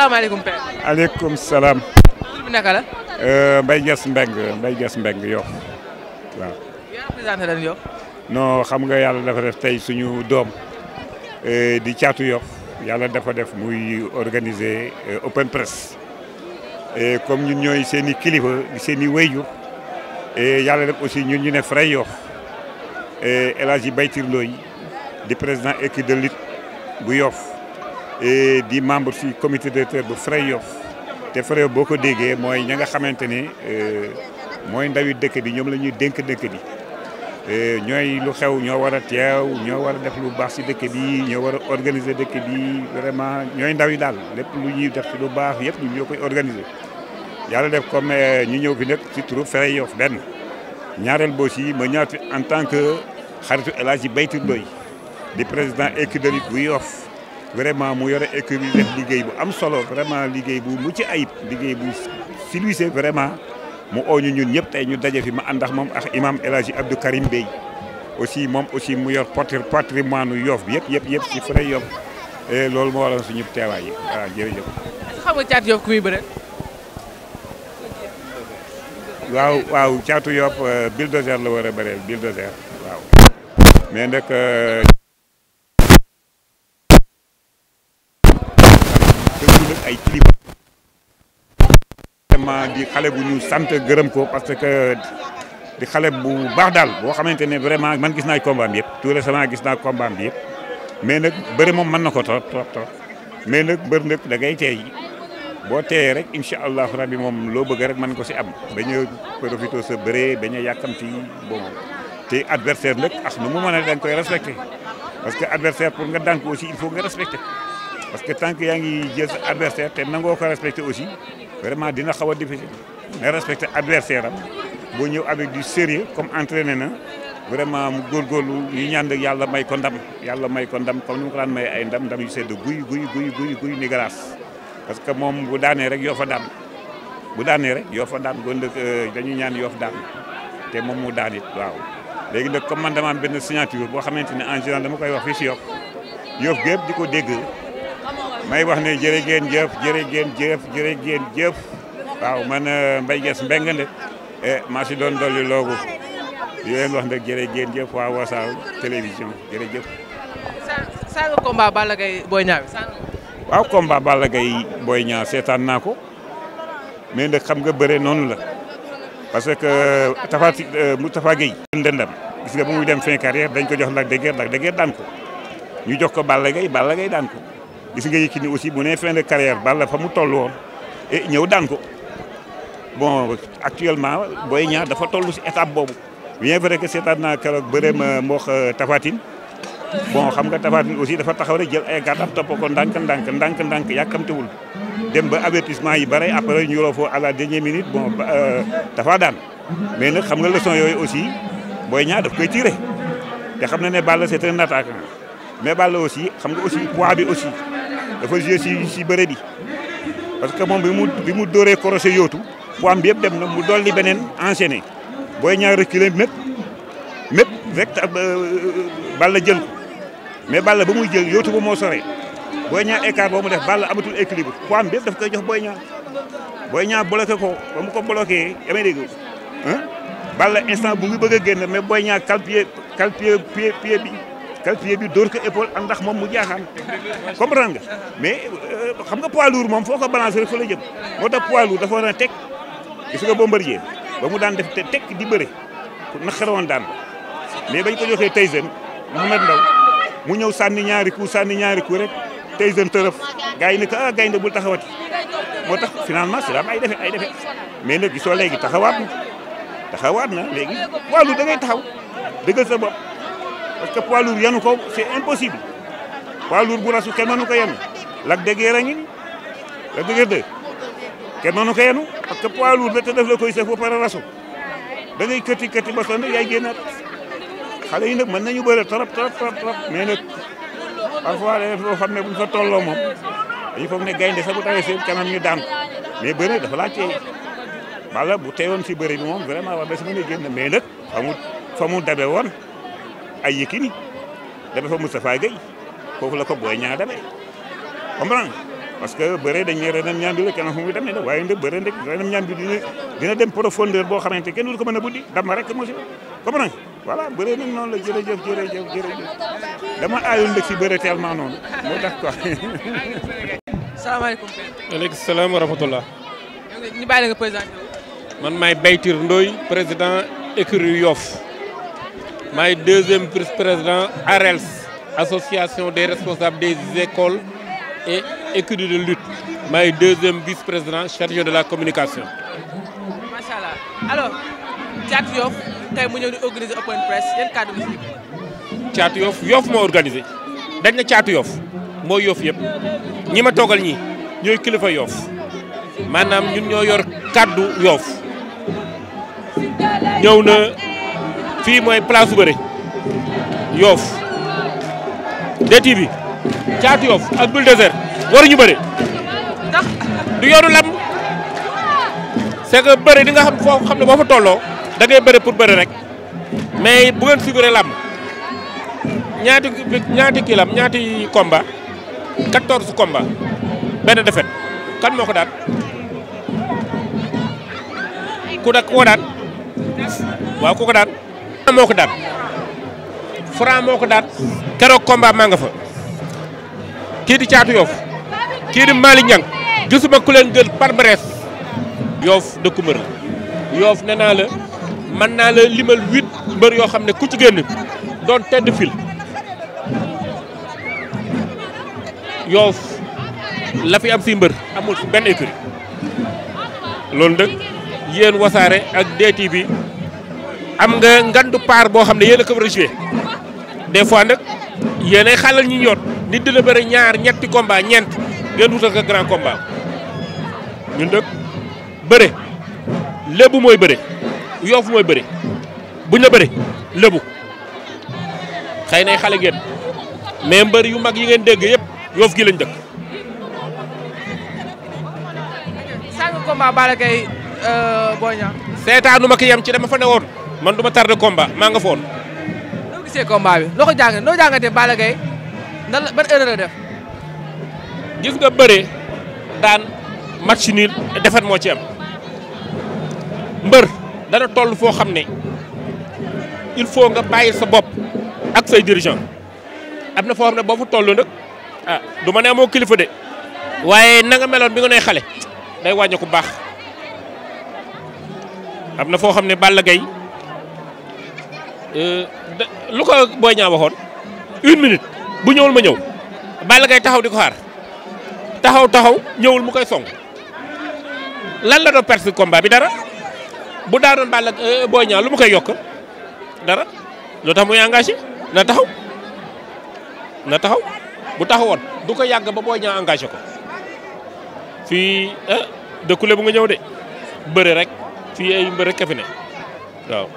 salaamaaleykum père. aleykum salaam. tur bi naka la. Euh, Mbaye Niass Mbengue Mbaye Niass Mbengue Yoff waaw. yaa représenté leen Yoff. xam nga yàlla dafa def tey suñu doom euh, di caatu Yoff yàlla dafa def muy organiser euh, open press et comme ñun ñooy seen i kilifa seen i wéyu et yàlla def aussi ñun ñu ne fray Yoff El Hadji Baytir Ndoye di président équipe de lutte bu Yoff. di membre si commité directeur bu Freyov te Freyov boo ko déggee mooy ña nga xamante ne euh, mooy ndawi dëkk bi ñoom la dénk dëkk bi euh, ñooy lu xew ñoo war a teew ñoo war a def lu baax si dëkk bi ñoo war a organiser dëkk bi vraiment ñooy ndaw yi daal lépp lu ñuy def lu baax yëpp ñoo koy organiser. yàlla def comme ñu ñëw fi nag ci turu Freyov benn ñaareel boo si ma ñaar fi en tant que xaritu El Hadji Baytu Ndoy di président écuderie bu Yoff vraiment mu yore équipe yi def liggéey bu am solo vraiment liggéey bu mu ci ayib liggéey bu siluissé vraiment mu ooñu ñun ñëpp tey ñu daje fi ma àndax moom ak imam El Hadji Abdou Karim Bey aussi moom aussi mu yor patrimoine yoof bi yëpp yëpp yëpp si frais yoof loolu moo waral suñu teewaay yi voilà jërëjëf. xam nga caatu yoof ku muy bëre. waaw waaw caatu yoof euh, bulldozer la war a bëreel bulldozer waaw mais nag. Euh, ay kilifa vraiment di xale bu ñu sant gërëm ko parce que di xale bu baax daal boo xamante ne vraiment man gis naa combat bi yëpp tout récemment gis naa combat bi yëpp mais nag bëri moom mën na ko trop trop trop mais nag bër nag da ngay teey boo teeyee rek incha allahu rabbi moom loo bëgg rek mën ko si am bañ a profité sa bëree bañ a yàkkamti boobu te adversaire nag ak nu mu mën a da koy respecté parce que adversaire pour nga daan ko aussi il faut nga respecté parce que tant que yaa ngi jël sa adversaire te nangoo ko respecté aussi vraiment dina xaw a difficile na respecté adversaire am boo ñëw avec du sérieux comme entraîné na vraiment mu lu ñu ñaan ak yàlla may ko ndam yàlla may ko ndam comme nu mu ko daan may ay ndam ndam yu sedd guy guy guy guy guy ni grâce parce que moom bu daanee rek yoo fa daan bu daanee rek yoo fa daan kon nag euh, dañuy ñaan yoo fa daan te moom mu daan it waaw léegi nag comme man dama am benn signature boo xamante ne en général dama koy wax fii si Yoff di ko dégg may wax ne jërë ngeen jëf jërë ngeen jëf jërë ngeen jëf waaw man euh, Mbaye Guèye Mbengue la eh, maa si doon dolli loogu wax nag jërë ngeen jëf waa Wassare télévision jërëjëf. saa nga combat Balla Gaye Boy Niang waaw combat Balla Gaye Boy seetaan naa ko mais nag xam nga bëre noonu la parce que euh, euh, mu Tafa Moustapha Gueye. dëndam gis nga bu muy dem fin carrière dañ ko jox Lac de Guiers Lac daan ko ñu jox ko Balla Gaye Balla Gaye daan ko. gis nga Yékini aussi bu nee fin de carrière Balla fa mu tollu woon et eh, ñëw daan ko bon actuellement booy Niang dafa toll si étape boobu. bien vrai que seetaan naa keroog bëreem mboox euh, Tafatine bon xam nga Tafatine aussi dafa taxaw rek jël ay gàttam topp ko ndànk ndànk ndànk ndànk yàkkamtewul dem ba avertissement yi bare après ñu yoroo foo à la dernière minute bon dafa euh, daan mais nag xam nga leçon yooyu aussi booy Niang daf koy tiré te xam na ne Balla c'est un mais Balla aussi xam nga aussi poids bi aussi. dafa joué si si bëre bi parce que moom bi mu bi mu dóoree crochet yootu poids bi yëpp dem na mu dolli beneen enchaîné booy ñaar reculé mépp mépp rek euh, Balla jël ko mais Balla ba muy jël yootu ba moo sore booy ñaar écart boo mu def Balla amatul équilibre poids bi yëpp daf koy jox booy ñaar booy ñaar bloqué ko ba mu ko bloqué damay dégg instant bu ngi bëgg a génn mais booy ñaar calpier calpier calcier bi dóor ko épaule ak ndax moom mu jaaxaan comprendre nga mais euh, xam nga poids lourd moom foo ko balancer fa la jëm moo tax poids lourd dafa war a teg gis nga Bombardier ba mu daan def teg di bëre naqaroon daan mais bañ ko joxee mu Mohamed Ndaw mu ñëw sànni ñaari coup sànni ñaari coup rek Tyson tërëf gars yi ne ko ah gaynde bul taxawati moo tax finalement si la am ay defe ay defe mais nag gisoo léegi taxawaat na taxawaat na léegi poids parce que poids lourd yenu ko c'est impossible poids lourd bu rasu kenn mënu ko yenu Lac de Guiers a ngi Lac de Guiers 2 kenn mënu ko yenu parce que poids lourd la te def da ngay këti këti ba sonn yaay génnaat xale yi nag mën nañu bëre trop trop trop trop mais nag parfois day def loo ne buñ fa tolloo moom dañu foog ne gaynde sax bu tawee seen kanam ñu daan mais bëre dafa laa tey bala bu teewoon si bëre bi moom vraiment war na si mën a génn mais nag fa mu fa mu dabe woon ay Yékini deme fa Moustapha Gueye foofu la ko boo Niang demee comprendre parce que bëre dañ ne renam ñaam bi la kenn fu mu demee la waaye nag bëre nag renam ñaam bi dina dina dem profondeur boo xamante kenn du ko mën a buddi dama rek monsieur comprendre voilà bëre nag noonu la jërëjëf jërëjëf jërëjëf dama aayul nag si bëre tellement noonu moo tax quoi. salaamaaleykum. waaleykum salaam wa rahmatulah. ñu bàyyi la nga man maay Baytir Ndoye président écurie Yoff maay deuxième vice-président ARELS association des responsables des écoles et écuries de lutte maay deuxième vice-président chargé de la communication. macha allah alors Thiatou Yoff tey mu ñëw di organiser open press yan kàddu gi. Thiatou moo organisé dañ na Thiatou Yoff mooy Yoff yëpp ñi ma toogal ñi ñooy kilifa yoof maanaam ñun ñoo yor kàddu yoof ñëw na. fii mooy place bëre yoof deti bi caatu yoof ak bulldozer waruñu bëre ndax du yoonu lamb c'est bëre di nga xam foo xam ne boo fa tolloo da ngay bëre pour bëre rek mais bu ngeen figuré lamb ñaati ñaati kii lam ñaati komba 14 combat benn défaite kan moo ko daan ku da ko daan waaw ku ko daan Franc moo ko daan Franc moo ko daan keroog combat maa nga fa kii di caatu yoof kii di Malick Niang gisuma ku leen gën par bref yoof dëkku mbër la yoof nee naa la mën naa la limal huit mbër yoo xam ne ku ci génn doon tedd fil yoof la si mbër amul benn écurie loolu nag yéen wasaare ak DTV bi am nga ngandu paar boo xam ne yéen a ko war a joué des fois nag yéenay xalal ñi ñoot nit dina bëri ñaar ñetti komba ñeent ngeen wutal ko grand combat ñun nag bëre lébu mooy bëre yoof mooy bëre buñ la bëre lébu xëy nay xale ngeen mais mbër yu mag yi ngeen dégg yëpp yoof gi lañ dëkk. sànq combat Balla Gaye euh, Boy Niang. ma ki yem ci dama fa ne woon. man du ma tardé komba maa nga foon. noo gisee combat bi ko jàngatee noo jàngatee Balla Gaye nan la ban def. gis nga bëre daan match nul defet moo ci am mbër dana toll foo xam ne il faut nga bàyyi sa bopp ak say dirigeant am na foo xam ne boo fa toll nag ah du ma ne amoo kilifa de waaye nanga meloon bi nga nay xale day wàññi ku baax am na foo xam ne Balla Gaye Euh, lu ko Boy Niang waxoon une minute bu ñëwul ma ñëw Balla Gaye taxaw di ko xaar taxaw taxaw ñëwul mu koy song lan la doon perte combat bi dara bu daanoon Balla euh, Boy Niang lu mu koy yokk dara loo tax muy engagé na taxaw na taxaw bu taxawoon du ko yàgg ba Boy Niang engagé ko fii euh, dëkkule bu nga ñëw de bëre rek fii ay mbër rek waaw